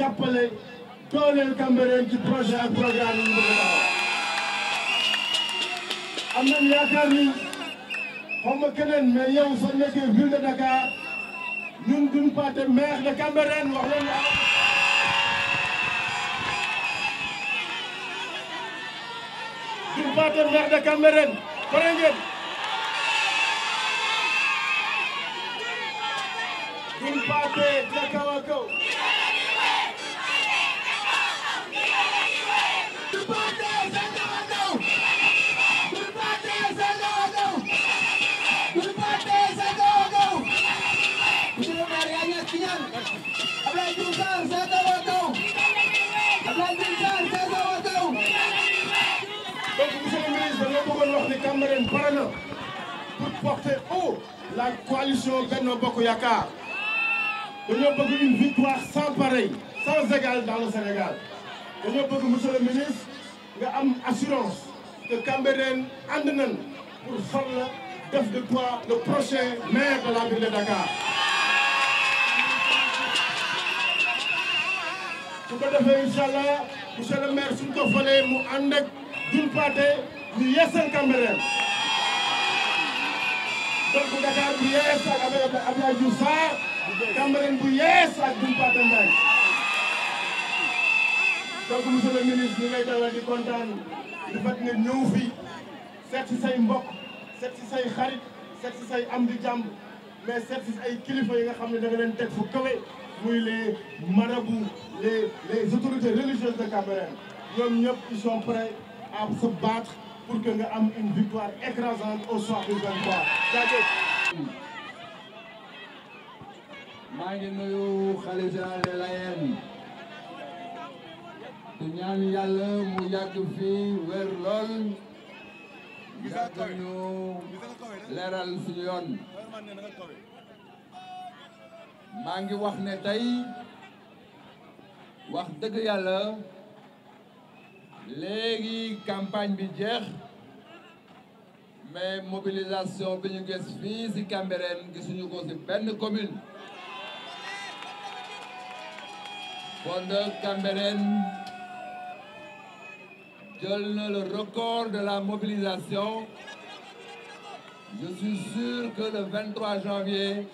jàppale dooleel Cambérène ci projet ak programme yi ñu am nañu yaakaar ni xaw ma keneen nekkee ville de Dakar ñun duñu paate maire de Cambérène wax leen la. duñu paate maire de Cambérène pare ngeen. duñu paate Kiñaan Abdoulaye Diouf Sarr la wa kaw Abdoulaye Diouf Sarr seeta wa donc monsieur le ministre dañoo bëggoon wax ni Cambérène pare pour porter haut la coalition Benno Bokk Yaakaar dañoo bëgg une victoire sans pareil sans égal dans le Sénégal dañoo bëgg monsieur le ministre nga am assurance que Cambérène ànd nañ pour fal la def de le prochain maire de la ville de Dakar su ko defee incha allah monsieur falee mu ànd ak Doul Pathé ñu yeesal Cambérène donc Dakar bu yees ak Abdoulaye Diouf Sarr Cambérène bu yees ak Doul Pathé Mbaye donc monsieur le ministre ñu ngay dalal di kontaan di fat nga ñëw fii seet si say mbokk seet si say xarit seet si say am di jàmb mais seet si ay kilifa yi nga xam ne da nga leen teg fu kawe muy les marabouts les les autorités religieuses de Cameroun, ils sont prêts à se battre pour que nga am une victoire écrasante au soir du 23 jaajëf. maa ngi nuyu xalifa général des Layènes di ñaan yàlla mu yàgg fii wér lool yàgg mangi wax ne tay wax deug yalla légui campagne bi jeex mais mobilisation bi ñu gess fi ci Cambérène gisuñu ko ci ben commune kon Cambérène jël le record de la mobilisation je suis sûr que le 23 janvier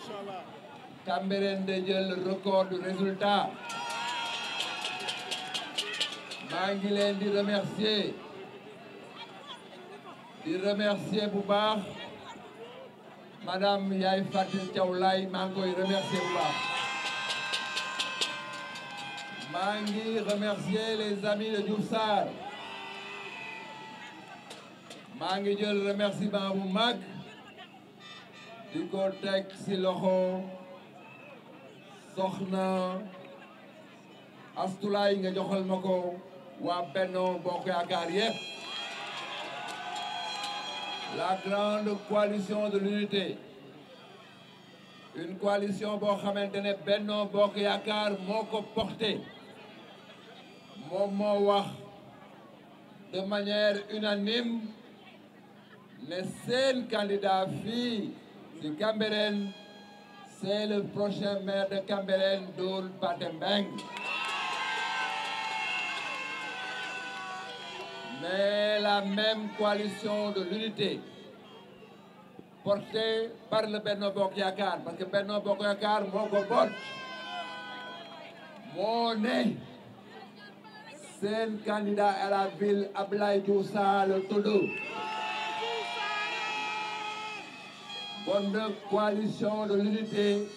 Camberen de le record du résultat Mangi remercier remercier Bouba. madame yaye remercie. Je vous remercier remercier les amis de remercie Mangi vous remercie, jël mag soxna astulay nga joxal mako wa Benno Bokk Yaakaar yeb la grande coalition de l'unité une coalition bo xamante Benno Bokk Yaakaar moo porté moom moo wax de manière unanime les seuls candidat filles ci Cameroun c'est le prochain maire de Camberen Doul Patembeng. Mais la même coalition de l'unité portée par le Benno Bokyakar, parce que Benno Bokyakar, mon gobot, mon nez, c'est le candidat à la ville Ablaï Doussa, le Toulouse. bonne coalition de l'unité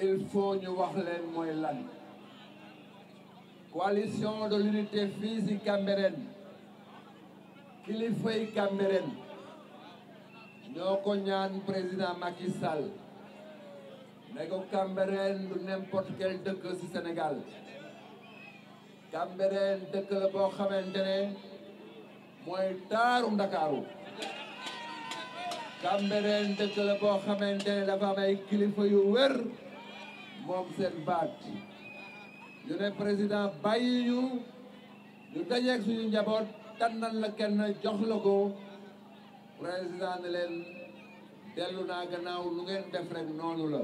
il faut ñu wax leen mooy La coalition de l'unité physique qui les kilifay Cambérène Nous connaissons, le président Macky Sall mais ko n'importe quel que ce Sénégal Cambérène le la boo xamante ne mooy le Cambérène dëkk la boo xamante ne dafa kilifa yu wér moom seen baat ñu ne président bàyyi ñu ñu dajeeg suñu njaboot tànnal la kenn jox la ko président leen dellu naa gannaaw lu ngeen def rek noonu la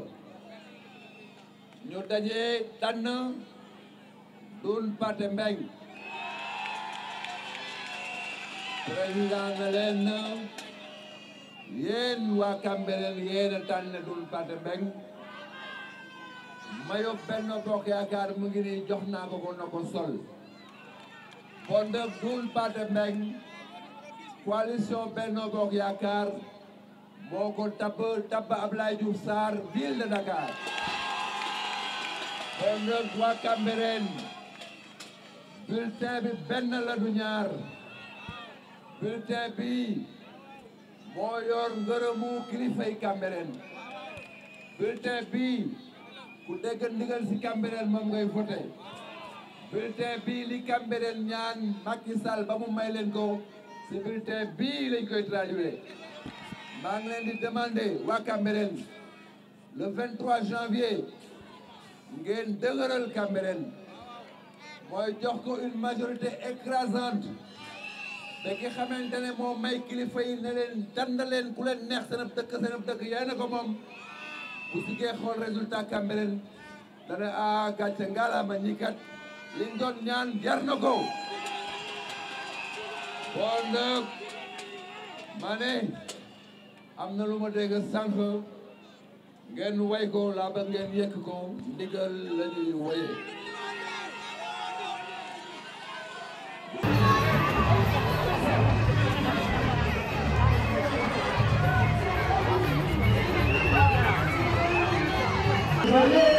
ñu dajee tànn Doudou Pathé Mbeng président ne leen yéen waa Cambérène yéen a tànn Doudou Pathé Mbeng mayo Benno Bokk Yaakaar mu ngi nii jox naa ko ko na ko sol kon nag Doudou Pathé Mbeng coalition Benno Bokk Yaakaar moo ko tabb tabb Abdoulaye Diouf Sarr ville de Dakar kon waa Cambérène bulletin bi benn la du ñaar bulletin bi moo yor ngërëmu kilifay Cambérène bulletin bii ku dégg ndigal si Cambérène moom ngay voté bulletin bii li Cambérène ñaan Macky ba mu may leen ko si bulletin bii lañ koy traduire maa len leen di demander waa Cambérène le 23 janvier ngeen dëgëral Cambérène mooy jox ko une majorité écrasante da nga xamante ne moo may kilifa yi ne leen dandaleen ku leen neex seen dëkk seen dëkk yaay na ko moom bu siggee xool résultat Cambérène dana a ah, gàcce ngalaama ñi kat liñ doon ñaan jar na ko kon nag ma am na lu ma dégg sànq ngeen way ko laa ba ngeen yëkk ko ndigal la ñuy woyee Valeu!